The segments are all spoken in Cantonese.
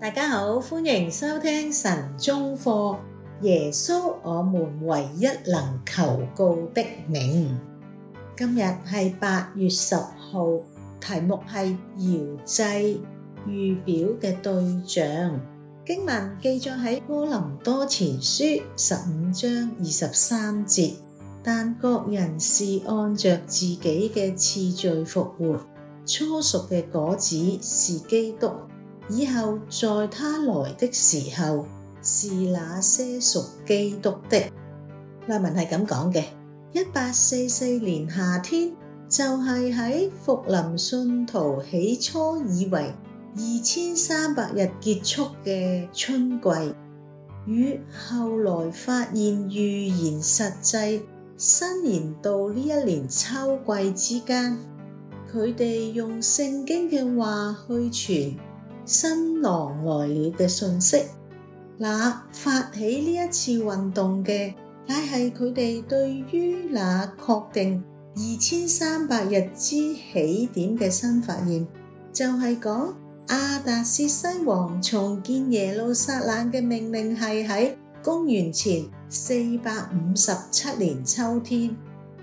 大家好，歡迎收聽神中課。耶穌，我們唯一能求告的名。今日係八月十號，題目係搖祭預表嘅對象。經文記載喺哥林多前書十五章二十三節，但各人是按着自己嘅次序復活。初熟嘅果子是基督。以後在他來的時候，是那些屬基督的。那文係咁講嘅。一八四四年夏天，就係、是、喺復臨信徒起初以為二千三百日結束嘅春季，與後來發現預言實際新年到呢一年秋季之間，佢哋用聖經嘅話去傳。新郎來了嘅信息，嗱，發起呢一次運動嘅，乃係佢哋對於那確定二千三百日之起點嘅新發現，就係、是、講阿達薛西王重建耶路撒冷嘅命令係喺公元前四百五十七年秋天，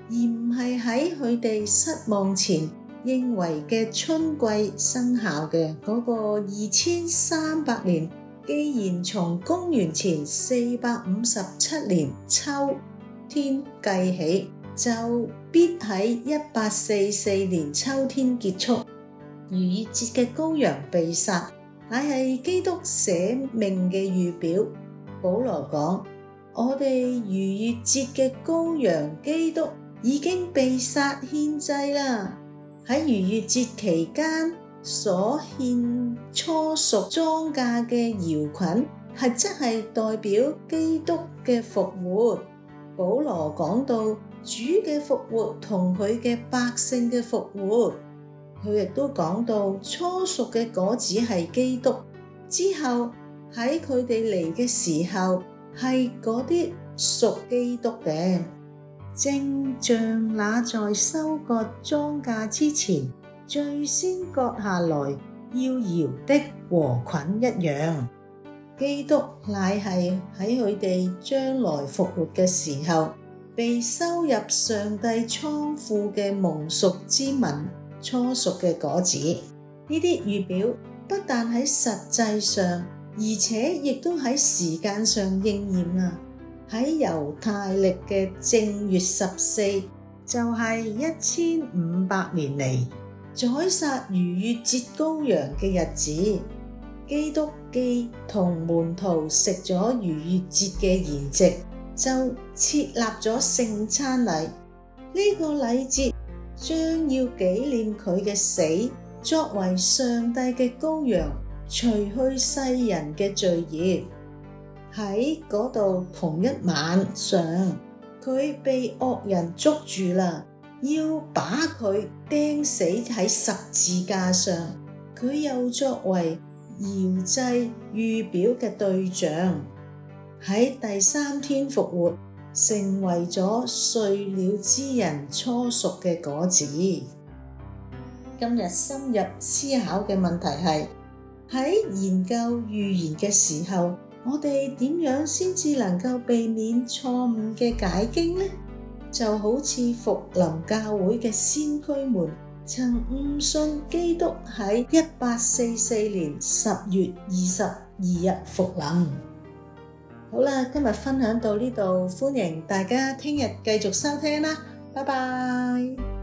而唔係喺佢哋失望前，認為嘅春季生效嘅嗰個二千三百年，既然從公元前四百五十七年秋天計起，就必喺一八四四年秋天結束。逾越節嘅羔羊被殺，乃係基督捨命嘅預表。保羅講：我哋逾越節嘅羔羊基督已經被殺獻祭啦。喺逾越節期間所獻初熟莊稼嘅搖祭，係真係代表基督嘅復活。保羅講到主嘅復活同佢嘅百姓嘅復活，佢亦都講到初熟嘅果子係基督，之後喺佢哋嚟嘅時候係嗰啲屬基督嘅。正像那在收割莊稼之前，最先割下來要搖的禾捆一樣，基督乃係喺佢哋將來復活嘅時候，被收入上帝倉庫嘅蒙屬之民初熟嘅果子。呢啲預表不但喺實際上，而且亦都喺時間上應驗啦。喺猶太曆嘅正月十四，就係、是、一千五百年嚟宰殺逾越節羔羊嘅日子。基督記同門徒食咗逾越節嘅筵席，就設立咗聖餐禮。呢、這個禮節將要紀念佢嘅死，作為上帝嘅羔羊，除去世人嘅罪孽。喺嗰度同一晚上，佢被惡人捉住啦，要把佢釘死喺十字架上。佢又作為搖祭預表嘅對象，喺第三天復活，成為咗睡了之人初熟嘅果子。今日深入思考嘅問題係喺研究預言嘅時候。我哋點樣先至能夠避免錯誤嘅解經呢？就好似復臨教會嘅先驅們曾誤信基督喺一八四四年十月二十二日復臨。好啦，今日分享到呢度，歡迎大家聽日繼續收聽啦，拜拜。